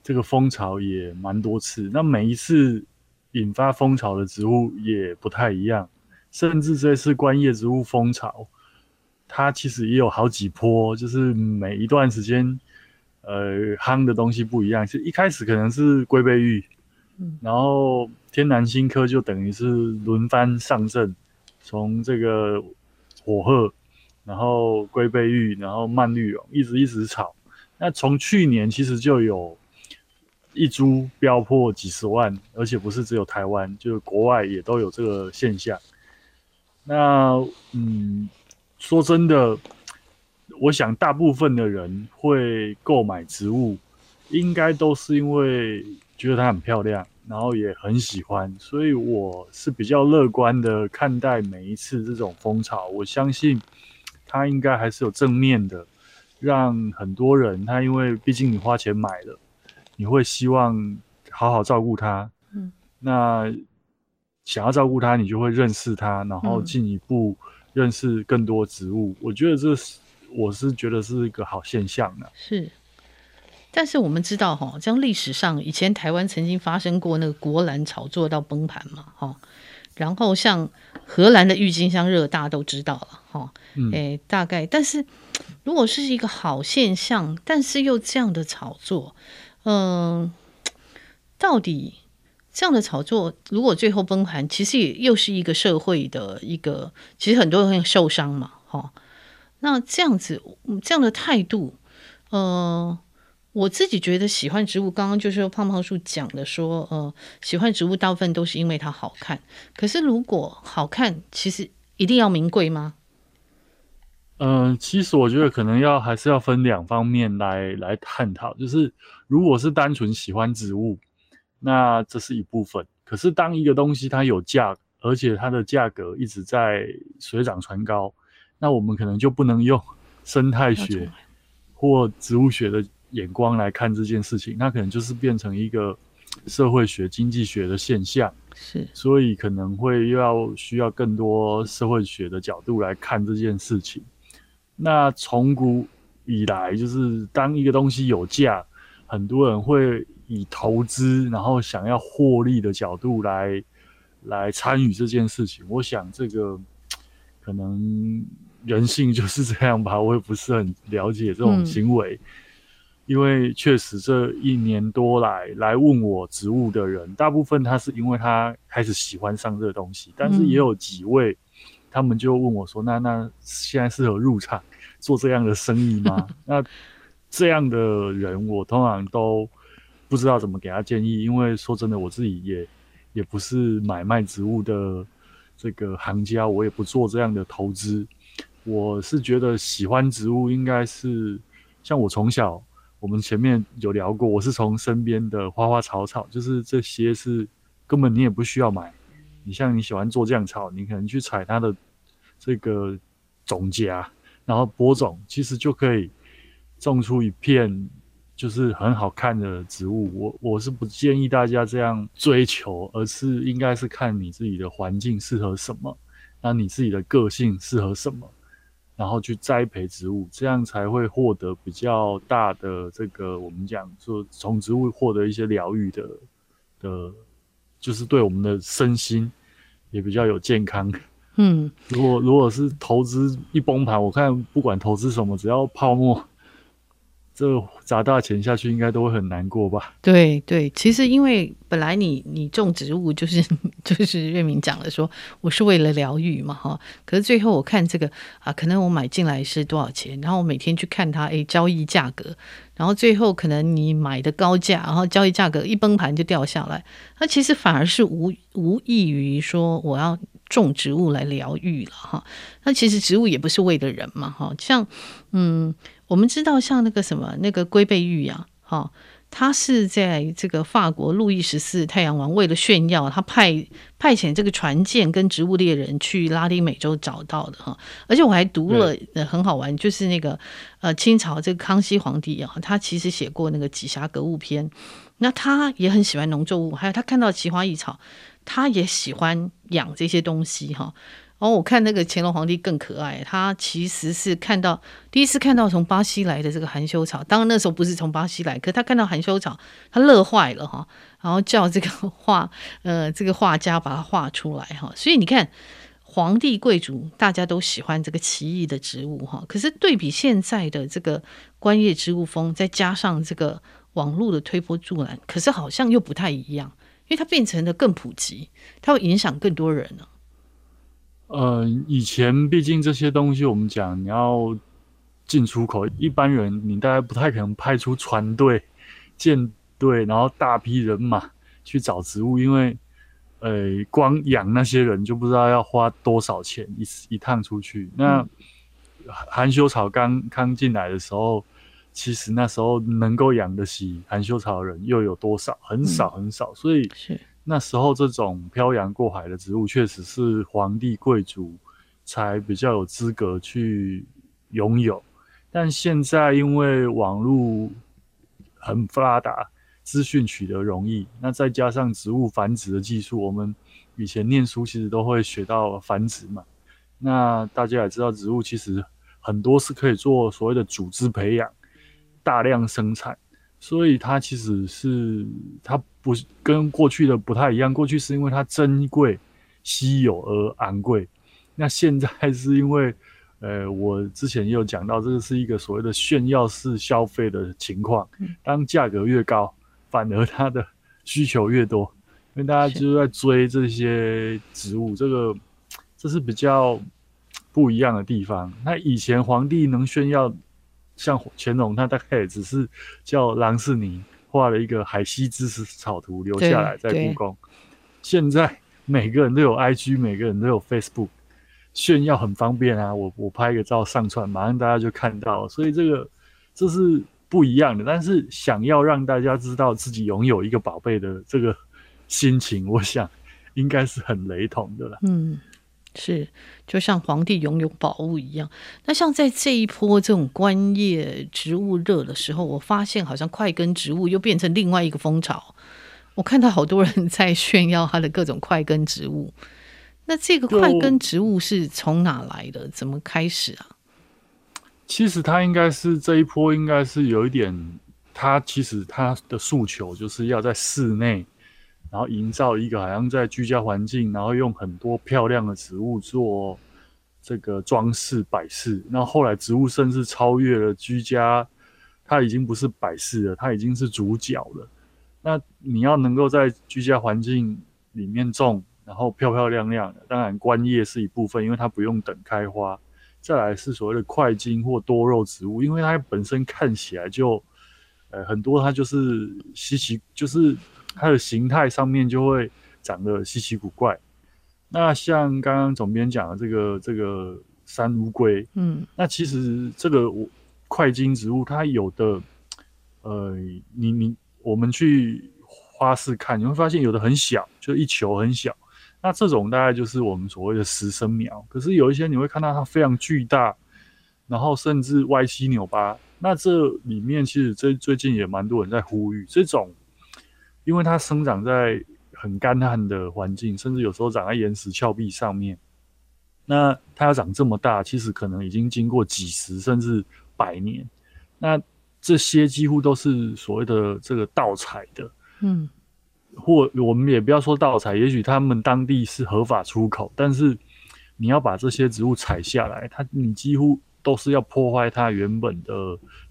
這個風潮也蠻多次。那每一次引發風潮的植物也不太一樣。甚至這次觀葉植物風潮，它其實也有好幾波，就是每一段時間，呃，夯的東西不一樣。其實一開始可能是龜背芋，嗯，然後天南星科就等於是輪番上陣，從這個火鶴，然後龜背芋，然後蔓綠絨，一直一直炒。那從去年其實就有一株飆破幾十萬，而且不是只有台灣，就是國外也都有這個現象。那嗯，說真的，我想大部分的人會購買植物，應該都是因為覺得它很漂亮，然後也很喜歡，所以我是比較樂觀的看待每一次這種風潮。我相信它應該還是有正面的，讓很多人他因為畢竟你花錢買了，你會希望好好照顧它。嗯，那。想要照顧它，你就會認識它，然後進一步認識更多植物。嗯、我覺得這是，我是覺得是一個好現象呢、啊。是，但是我們知道哈，像歷史上以前台灣曾經發生過那個國蘭炒作到崩盤嘛，哈，然後像荷蘭的鬱金香熱，大家都知道了，哈、哎，哎、嗯，大概。但是如果是一個好現象，但是又這樣的炒作，嗯，到底？這樣的炒作，如果最後崩盤，其實也又是一個社會的一個，其實很多人會受傷嘛，齁。那這樣子這樣的態度，呃，我自己覺得喜歡植物，剛剛就是胖胖樹講的說，呃，喜歡植物大部分都是因為它好看。可是如果好看，其實一定要名貴嗎？嗯、呃，其實我覺得可能要還是要分兩方面來來探討，就是如果是單純喜歡植物，那這是一部分，可是當一個東西它有價，而且它的價格一直在水漲船高，那我們可能就不能用生態學或植物學的眼光來看這件事情，那可能就是變成一個社會學、經濟學的現象。是，所以可能會又要需要更多社會學的角度來看這件事情。那從古以來，就是當一個東西有價，很多人會。以投資，然後想要獲利的角度來來參與這件事情，我想這個可能人性就是這樣吧。我也不是很了解這種行為，嗯、因為確實這一年多來來問我植物的人，大部分他是因為他開始喜歡上這個東西，但是也有幾位他們就問我說：“嗯、那那現在適合入場做這樣的生意嗎？” (laughs) 那這樣的人，我通常都。不知道怎麼給他建議，因為說真的，我自己也也不是買賣植物的這個行家，我也不做這樣的投資。我是覺得喜歡植物，應該是像我從小，我們前面有聊過，我是從身邊的花花草草，就是這些是根本你也不需要買。你像你喜歡酢漿草，你可能去採它的這個種莢，然後播種，其實就可以種出一片。就是很好看的植物，我我是不建議大家這樣追求，而是應該是看你自己的環境適合什麼，那你自己的個性適合什麼，然後去栽培植物，這樣才會獲得比較大的這個我們講說從植物獲得一些療癒的的，就是對我們的身心也比較有健康。嗯，如果如果是投資一崩盤，我看不管投資什麼，只要泡沫。這砸大錢下去應該都會很難過吧？對對，其實因為本來你你種植物就是就是瑞閔講的說我是為了療癒嘛哈，可是最後我看這個啊，可能我買進來是多少錢，然後我每天去看它，哎，交易價格，然後最後可能你買的高價，然後交易價格一崩盤就掉下來，那其實反而是無無異於說我要種植物來療癒了哈，那其實植物也不是為了人嘛哈，像嗯。我們知道，像那個什麼，那個龜背芋呀，啊、哈、哦，他是在這個法國，路易十四太陽王為了炫耀，他派派遣這個船艦跟植物獵人去拉丁美洲找到的哈，哦。而且我還讀了，呃，很好玩，就是那個呃清朝這個康熙皇帝哈，他，哦，其實寫過那個《幾暇格物篇》，那他也很喜歡農作物，還有他看到奇花異草，他也喜歡養這些東西哈。哦哦，我看那個乾隆皇帝更可愛。他其實是看到第一次看到從巴西來的這個含羞草，當然那時候不是從巴西來，可他看到含羞草，他樂壞了哈。然後叫這個畫，呃，這個畫家把它畫出來哈。所以你看，皇帝貴族大家都喜歡這個奇異的植物哈。可是對比現在的這個觀葉植物風，再加上這個網絡的推波助瀾，可是好像又不太一樣，因為它變成了更普及，它會影響更多人了。呃，以前畢竟這些東西，我們講你要進出口，一般人你大概不太可能派出船隊、艦隊，然後大批人馬去找植物，因為，呃，光養那些人就不知道要花多少錢，一一趟出去。嗯、那含羞草剛剛進來的時候，其實那時候能夠養得起含羞草的人又有多少？很少很少，所以，嗯，是那時候，這種漂洋過海的植物確實是皇帝貴族才比較有資格去擁有。但現在因為網絡很發達，資訊取得容易，那再加上植物繁殖的技術，我們以前念書其實都會學到繁殖嘛。那大家也知道，植物其實很多是可以做所謂的組織培養，大量生產。所以它其實是它不是跟過去的不太一樣。過去是因為它珍貴、稀有而昂貴，那現在是因為，呃，我之前也有講到，這個是一個所謂的炫耀式消費的情況。當價格越高，反而它的需求越多，因為大家就是在追這些植物。這個這是比較不一樣的地方。那以前皇帝能炫耀。像乾隆，他大概也只是叫郎世寧畫了一個海西知識草圖留下來，在故宮。現在每個人都有 IG，每個人都有 Facebook，炫耀很方便啊。我我拍個照上傳，馬上大家就看到，所以這個這是不一樣的。但是想要讓大家知道自己擁有一個寶貝的這個心情，我想應該是很雷同的了。嗯。是，就像皇帝擁有寶物一樣。那像在這一波這種觀葉植物熱的時候，我發現好像塊根植物又變成另外一個風潮。我看到好多人在炫耀他的各種塊根植物。那這個塊根植物是從哪來的？怎麼開始啊？其實它應該是這一波，應該是有一點，它其實它的訴求就是要在室內，然後營造一個好像在居家環境，然後用很多漂亮的植物做這個裝飾擺飾。那後來植物甚至超越了居家，它已經不是擺飾了，它已經是主角了。那你要能夠在居家環境裡面種，然後漂漂亮亮，當然觀葉是一部分，因為它不用等開花。再來是所謂的塊莖或多肉植物，因為它本身看起來就，呃，很多它就是稀奇，就是。它的形態上面就會長得稀奇古怪。那像剛剛總編講的這個這個山烏龜，嗯，那其實這個塊莖植物它有的，呃，你你我們去花市看，你會發現有的很小，就一球很小。那這種大概就是我們所謂的實生苗。可是有一些你會看到它非常巨大，然後甚至歪七扭八。那這裡面其實最最近也蠻多人在呼籲這種。因為它生長在很乾旱的環境，甚至有時候長在岩石峭壁上面。那它要長這麼大，其實可能已經經過幾十甚至百年。那這些幾乎都是所謂的這個盜採的，嗯，或我們也不要說盜採，也許他們當地是合法出口，但是你要把這些植物採下來，它你幾乎都是要破壞它原本的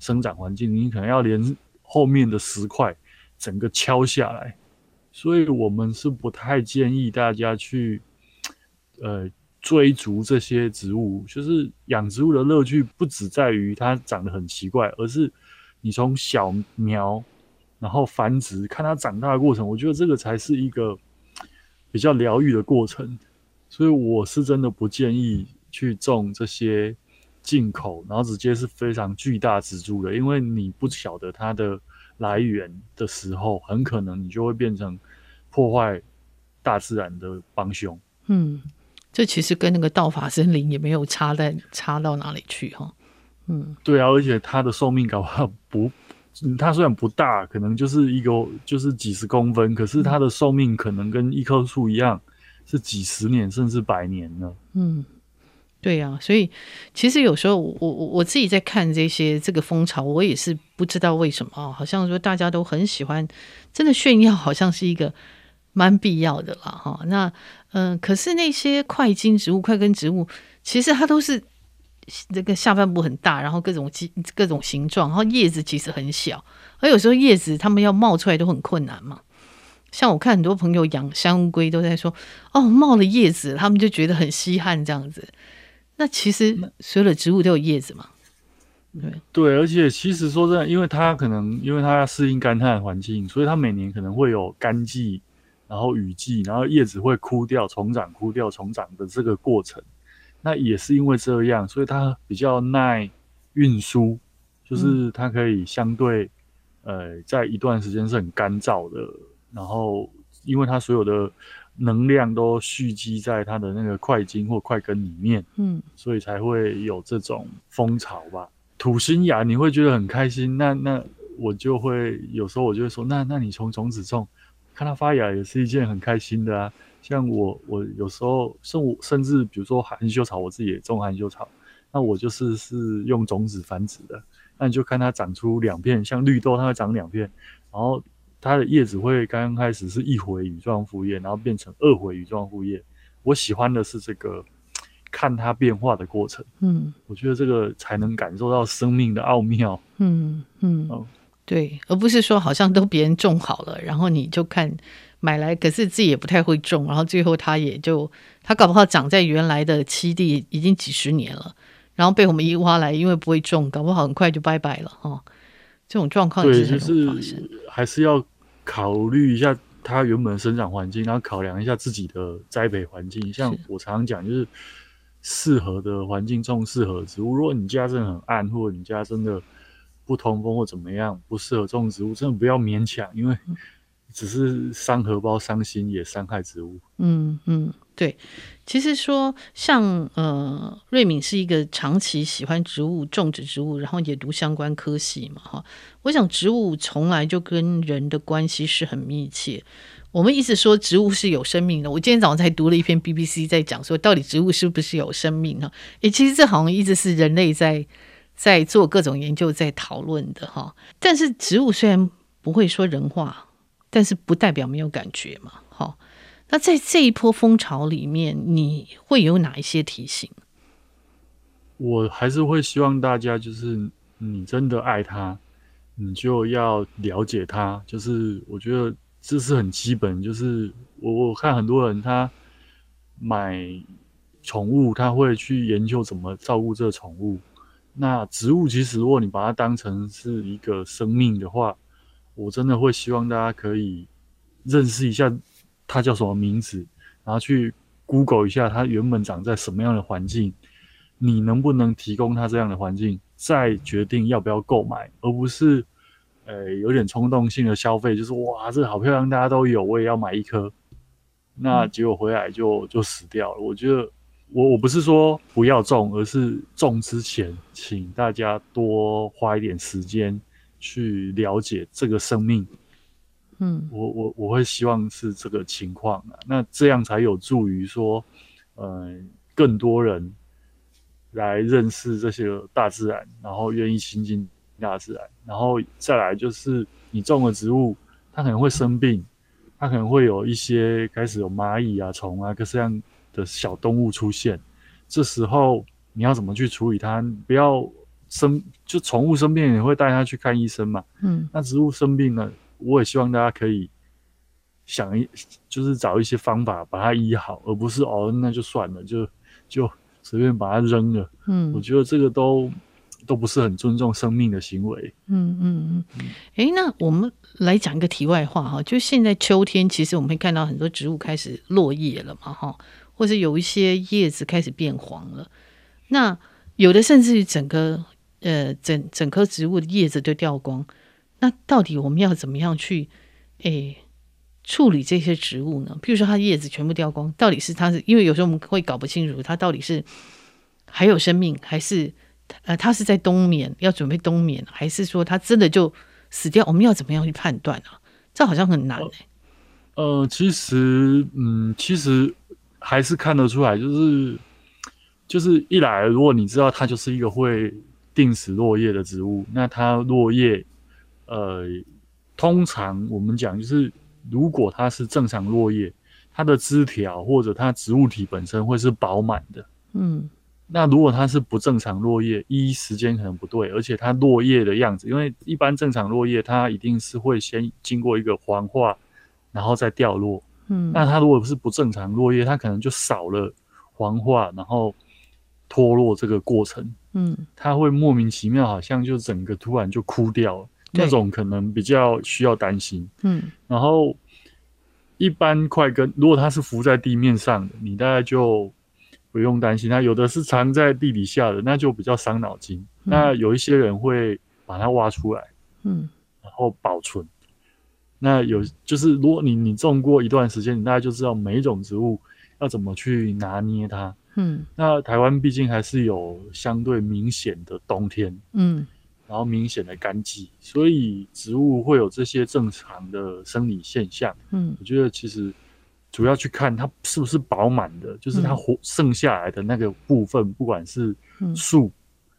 生長環境，你可能要連後面的石塊。整個敲下來，所以我們是不太建議大家去，呃，追逐這些植物。就是養植物的樂趣不只在於它長得很奇怪，而是你從小苗，然後繁殖，看它長大的過程，我覺得這個才是一個比較療癒的過程。所以我是真的不建議去種這些進口，然後直接是非常巨大植株的，因為你不曉得它的。來源的時候，很可能你就會變成破壞大自然的幫兇。嗯，這其實跟那個盜伐森林也沒有差在差到哪裡去哈、哦。嗯，對啊，而且它的壽命搞不好不它雖然不大，可能就是一個就是幾十公分、嗯，可是它的壽命可能跟一棵樹一樣，是幾十年甚至百年呢。嗯。對呀、啊，所以其實有時候我我我自己在看這些這個風潮，我也是不知道為什麼、哦、好像說大家都很喜歡，真的炫耀好像是一個蠻必要的啦。哈、哦。那嗯、呃，可是那些塊莖植物、塊根植物，其實它都是這個下半部很大，然後各種各種形狀，然後葉子其實很小，而有時候葉子它們要冒出來都很困難嘛。像我看很多朋友養山烏龜都在說哦冒了葉子，他們就覺得很稀罕這樣子。那其實所有的植物都有葉子嘛？嗯、對對，而且其實說真的，因為它可能因為它要適應乾旱環境，所以它每年可能會有乾季，然後雨季，然後葉子會枯掉、重長、枯掉、重長的這個過程。那也是因為這樣，所以它比較耐運輸，就是它可以相對、嗯、呃，在一段時間是很乾燥的，然後因為它所有的。能量都蓄積在它的那個塊莖或塊根裡面，嗯，所以才會有這種風潮吧。土星芽你會覺得很開心，那那我就會有時候我就會說，那那你從種子種，看它發芽也是一件很開心的啊。像我我有時候，甚至比如說含羞草，我自己也種含羞草，那我就是是用種子繁殖的，那你就看它長出兩片，像綠豆它會長兩片，然後。它的葉子會剛剛開始是一回羽狀複葉，然後變成二回羽狀複葉。我喜歡的是這個，看它變化的過程。嗯，我覺得這個才能感受到生命的奧妙。嗯嗯，嗯。對，而不是說好像都別人種好了，然後你就看買來，可是自己也不太會種，然後最後它也就它搞不好長在原來的棲地已經幾十年了，然後被我們一挖來，因為不會種，搞不好很快就拜拜了哈、嗯。這種狀況其實是還是要考慮一下它原本的生長環境，然後考量一下自己的栽培環境。像我常常講，就是適合的環境種適合的植物。如果你家真的很暗，或者你家真的不通風或怎麼樣，不適合種植物，真的不要勉強，因為。只是傷荷包、傷心也傷害植物。嗯嗯，對。其實說像呃，瑞閔是一個長期喜歡植物、種植植物，然後也讀相關科系嘛，哈。我想植物從來就跟人的關係是很密切。我們一直說植物是有生命的。我今天早上才讀了一篇 BBC 在講說，到底植物是不是有生命呢、啊？誒、欸，其實這好像一直是人類在在做各種研究在、在討論的哈。但是植物雖然不會說人話。但是不代表沒有感覺嘛。好，那在這一波風潮裡面，你會有哪一些提醒？我還是會希望大家，就是你真的愛它，你就要了解它。就是我覺得這是很基本。就是我我看很多人他買寵物，他會去研究怎麼照顧這寵物。那植物其實，如果你把它當成是一個生命的話，我真的會希望大家可以認識一下它叫什麼名字，然後去 Google 一下它原本長在什麼樣的環境，你能不能提供它這樣的環境，再決定要不要購買，而不是呃有點衝動性的消費，就是哇，這好漂亮，大家都有，我也要買一顆。那結果回來就就死掉了。我覺得我我不是說不要種，而是種之前，請大家多花一點時間。去了解這個生命，嗯，我我我會希望是這個情況啊，那這樣才有助於說，嗯、呃，更多人來認識這些大自然，然後願意親近大自然，然後再來就是你種的植物，它可能會生病，它可能會有一些開始有螞蟻啊、蟲啊、各式樣的小動物出現，這時候你要怎麼去處理它？不要。生就寵物生病也會帶它去看醫生嘛？嗯，那植物生病呢？我也希望大家可以想一，就是找一些方法把它醫好，而不是哦，那就算了，就就隨便把它扔了。嗯，我覺得這個都都不是很尊重生命的行為。嗯嗯嗯。哎、嗯欸，那我們來講一個題外話哈，就現在秋天，其實我們會看到很多植物開始落葉了嘛，哈，或者有一些葉子開始變黃了，那有的甚至於整個。呃，整整棵植物的葉子都掉光，那到底我們要怎麼樣去誒、欸、處理這些植物呢？譬如說，它葉子全部掉光，到底是它是因為有時候我們會搞不清楚，它到底是還有生命，還是呃，它是在冬眠，要準備冬眠，還是說它真的就死掉？我們要怎麼樣去判斷呢、啊？這好像很難誒、欸呃。呃，其實，嗯，其實還是看得出來，就是就是一來，如果你知道它就是一個會。定時落葉的植物，那它落葉，呃，通常我們講就是，如果它是正常落葉，它的枝條或者它植物體本身會是飽滿的，嗯。那如果它是不正常落葉，一時間可能不對，而且它落葉的樣子，因為一般正常落葉，它一定是會先經過一個黃化，然後再掉落，嗯。那它如果是不正常落葉，它可能就少了黃化，然後。脫落這個過程，嗯，它會莫名其妙，好像就整個突然就枯掉了，那種可能比較需要擔心，嗯。然後一般塊根，如果它是浮在地面上的，你大概就不用擔心它；有的是藏在地底下的，那就比較傷腦筋。嗯。那有一些人會把它挖出來，嗯，然後保存。那有就是，如果你你種過一段時間，你大概就知道每一種植物要怎麼去拿捏它。嗯，那台灣畢竟還是有相對明顯的冬天，嗯，然後明顯的乾季，所以植物會有這些正常的生理現象。嗯，我覺得其實主要去看它是不是飽滿的，就是它活剩下來的那個部分，嗯、不管是樹、嗯、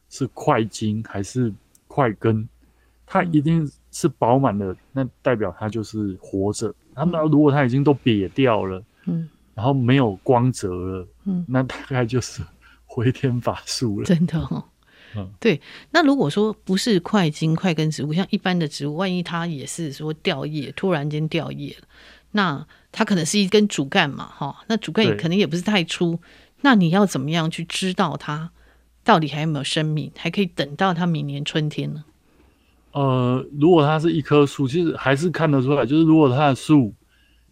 是塊莖還是塊根，它一定是飽滿的、嗯，那代表它就是活着。那、嗯、如果它已經都癟掉了，嗯。然後沒有光澤了，嗯，那大概就是回天乏術了。真的哦、嗯，對。那如果說不是塊莖塊根植物，像一般的植物，萬一它也是說掉葉，突然間掉葉了，那它可能是一根主幹嘛，哈，那主幹也可能也不是太粗，那你要怎麼樣去知道它到底還有沒有生命，還可以等到它明年春天呢？呃，如果它是一棵樹，其實還是看得出來，就是如果它的樹。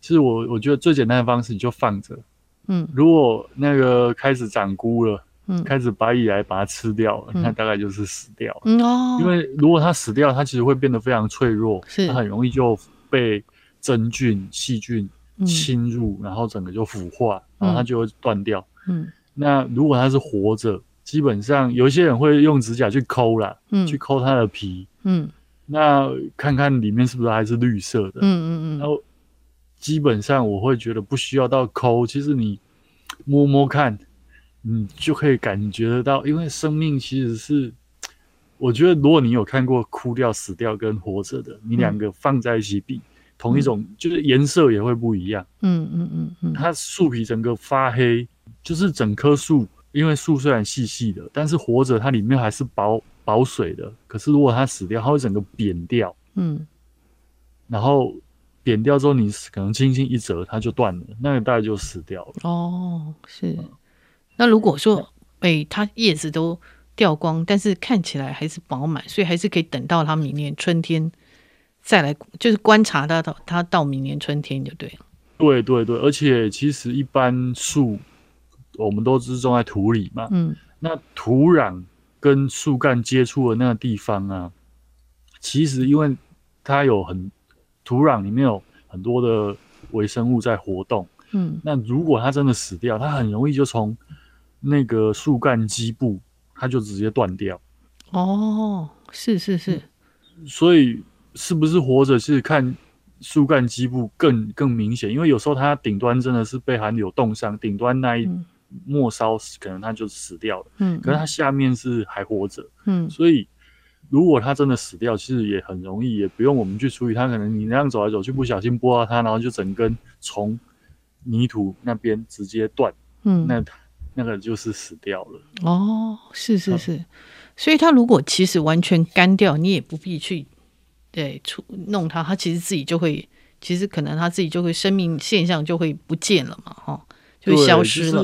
其、就、實、是、我我覺得最簡單的方式，你就放着。嗯，如果那個開始長菇了，嗯，開始白蟻來把它吃掉了、嗯，那大概就是死掉了。嗯哦、因為如果它死掉了，它其實會變得非常脆弱，是它很容易就被真菌、細菌侵入、嗯，然後整個就腐化，然後它就會斷掉。嗯，那如果它是活着，基本上有一些人會用指甲去摳了、嗯，去摳它的皮，嗯，那看看裡面是不是還是綠色的。嗯嗯嗯，然後。基本上我會覺得不需要到摳，其實你摸摸看，你就可以感覺得到，因為生命其實是，我覺得如果你有看過枯掉、死掉跟活着的，你兩個放在一起比，嗯、同一種就是顏色也會不一樣。嗯嗯嗯嗯，它樹皮整個發黑，就是整棵樹，因為樹雖然細細的，但是活着它裡面還是飽飽水的，可是如果它死掉，它會整個扁掉。嗯，然後。扁掉之後，你可能輕輕一折，它就斷了，那個大概就死掉了。哦，是。那如果說，哎、欸，它葉子都掉光，但是看起來還是飽滿，所以還是可以等到它明年春天再來，就是觀察它到它到明年春天就對了。對對對，而且其實一般樹我們都是種在土裡嘛，嗯，那土壤跟樹幹接觸的那個地方啊，其實因為它有很土壤裡面有很多的微生物在活動，嗯，那如果它真的死掉，它很容易就從那個樹幹基部，它就直接斷掉。哦，是是是。嗯，所以是不是活着是看樹幹基部更更明顯？因為有時候它頂端真的是被寒流凍傷，頂端那一末梢可能它就死掉了，嗯，可是它下面是還活着，嗯，所以。如果它真的死掉，其實也很容易，也不用我們去處理它。可能你那樣走來走去，不小心撥到它，然後就整根從泥土那邊直接斷，嗯，那那個就是死掉了。哦，是是是，嗯，所以它如果其實完全乾掉，你也不必去對弄它，它其實自己就會，其實可能它自己就會生命現象就會不見了嘛，哈，就會消失了。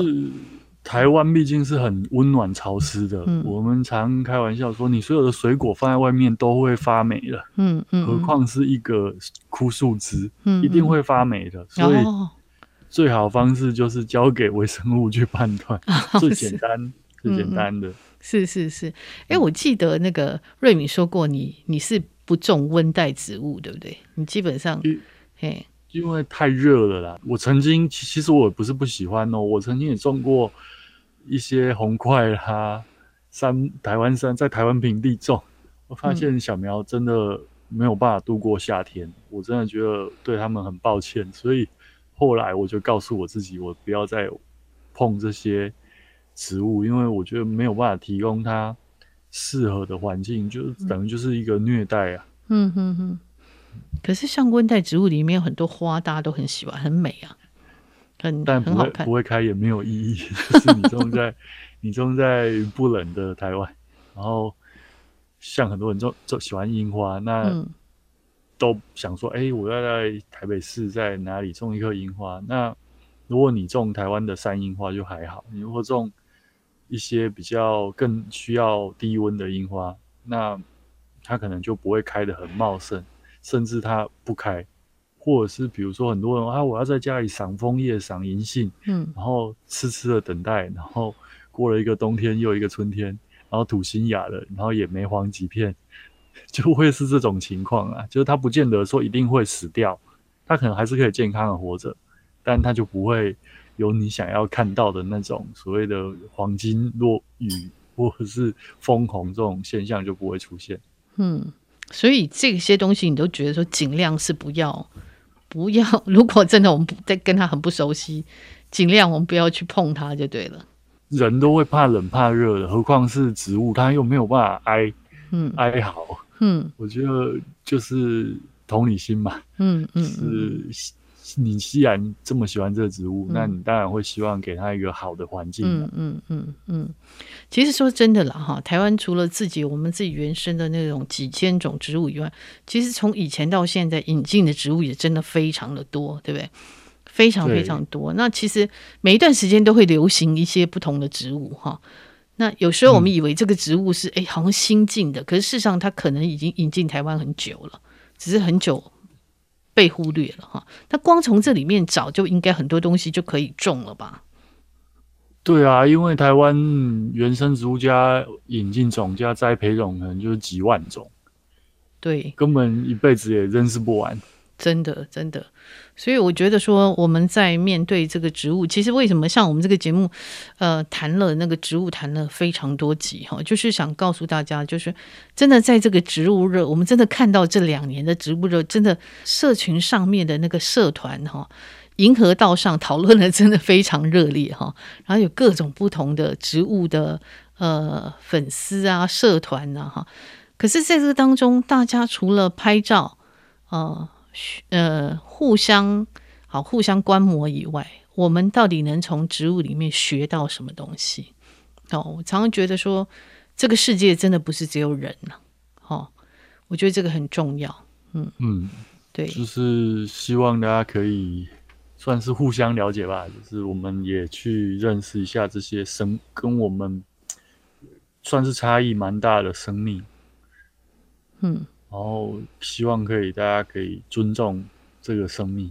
台灣畢竟是很溫暖潮濕的，嗯，我們常開玩笑說，你所有的水果放在外面都會發霉的，嗯嗯，何況是一個枯樹枝，嗯，一定會發霉的。嗯，所以最好的方式就是交給微生物去判斷。哦，最簡單，哦，最簡單的。是，嗯，是，嗯，是，哎、欸，我記得那個瑞閔說過你，你你是不種溫帶植物，對不對？你基本上，嘿，因為太熱了啦。我曾經其實我也不是不喜歡哦，喔，我曾經也種過。一些紅塊啦，台山台灣山在台灣平地種，我發現小苗真的沒有辦法度過夏天，嗯、我真的覺得對他們很抱歉，所以後來我就告訴我自己，我不要再碰這些植物，因為我覺得沒有辦法提供它適合的環境，就是等於就是一個虐待啊。嗯哼哼、嗯嗯，可是像溫帶植物裡面有很多花，大家都很喜歡，很美啊。但不會不會開也沒有意義。就是你種在 (laughs) 你種在不冷的台灣，然後像很多人種種喜歡櫻花，那都想說，哎、嗯欸，我要在台北市在哪裡種一棵櫻花？那如果你種台灣的山櫻花就還好，你如果種一些比較更需要低溫的櫻花，那它可能就不會開得很茂盛，甚至它不開。或者是比如說很多人啊，我要在家裡賞楓葉、賞銀杏，嗯，然後痴痴的等待，然後過了一個冬天又一個春天，然後吐新芽了，然後也沒黃幾片，就會是這種情況啊。就是它不見得說一定會死掉，它可能還是可以健康的活着，但它就不會有你想要看到的那種所謂的黃金落雨或者是楓紅這種現象就不會出現。嗯，所以這些東西你都覺得說盡量是不要。不要，如果真的我們在跟他很不熟悉，儘量我們不要去碰他就對了。人都會怕冷怕熱的，何況是植物，它又沒有辦法哀，嗯，哀嚎，嗯，我覺得就是同理心嘛，嗯嗯，是。你既然這麼喜歡這個植物，那你當然會希望給它一個好的環境的。嗯嗯嗯嗯。其實說真的啦，哈，台灣除了自己我們自己原生的那種幾千種植物以外，其實從以前到現在引進的植物也真的非常的多，對不對？非常非常多。那其實每一段時間都會流行一些不同的植物，哈。那有時候我們以為這個植物是誒、嗯欸，好像新進的，可是事實上它可能已經引進台灣很久了，只是很久。被忽略了哈，那光從這裡面找，就應該很多東西就可以種了吧？對啊，因為台灣原生植物加引進種加栽培種，可能就是幾萬種，對，根本一輩子也認識不完，真的真的。所以我覺得說，我們在面對這個植物，其實為什麼像我們這個節目，呃，談了那個植物，談了非常多集哈、哦，就是想告訴大家，就是真的在這個植物熱，我們真的看到這兩年的植物熱，真的社群上面的那個社團哈、哦，銀河道上討論的真的非常熱烈哈、哦，然後有各種不同的植物的呃粉絲啊、社團啊。哈、哦，可是在這個當中，大家除了拍照啊。呃呃，互相好，互相觀摩以外，我們到底能從植物裡面學到什麼東西？哦，我常常覺得說，這個世界真的不是只有人啊。哦，我覺得這個很重要。嗯嗯，對，就是希望大家可以算是互相了解吧，就是我們也去認識一下這些生跟我們算是差異蠻大的生命。嗯。然後希望可以，大家可以尊重這個生命，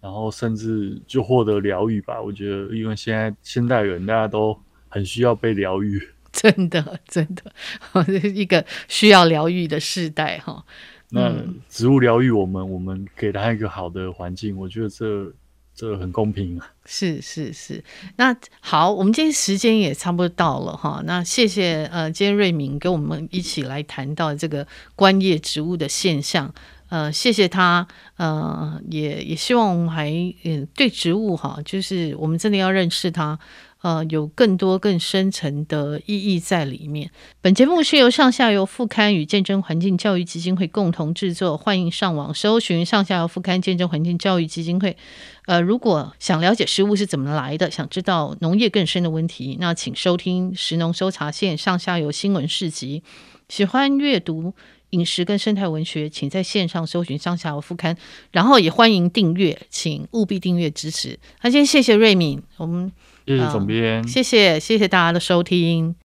然後甚至就獲得療癒吧。我覺得，因為現在現代人大家都很需要被療癒，真的，真的，這是一個需要療癒的世代哈。那植物療癒我們，嗯，我們給他一個好的環境，我覺得這。這個很公平啊！是是是，那好，我們今天時間也差不多到了哈。那謝謝呃，今天瑞閔跟我們一起來談到這個觀葉植物的現象，呃，謝謝他，呃，也也希望還嗯對植物哈，就是我們真的要認識他，呃，有更多更深層的意義在裡面。本節目是由上下游副刊與見證環境教育基金會共同制作，歡迎上網搜尋上下游副刊見證環境教育基金會。呃，如果想了解食物是怎麼來的，想知道農業更深的問題，那請收聽《食農搜查線》上下游新聞市集。喜歡閱讀飲食跟生態文學，請在線上搜尋《上下游》副刊，然後也歡迎訂閱，請務必訂閱支持。那、啊、先謝謝瑞閔，我們、呃、總編，謝謝謝謝大家的收聽。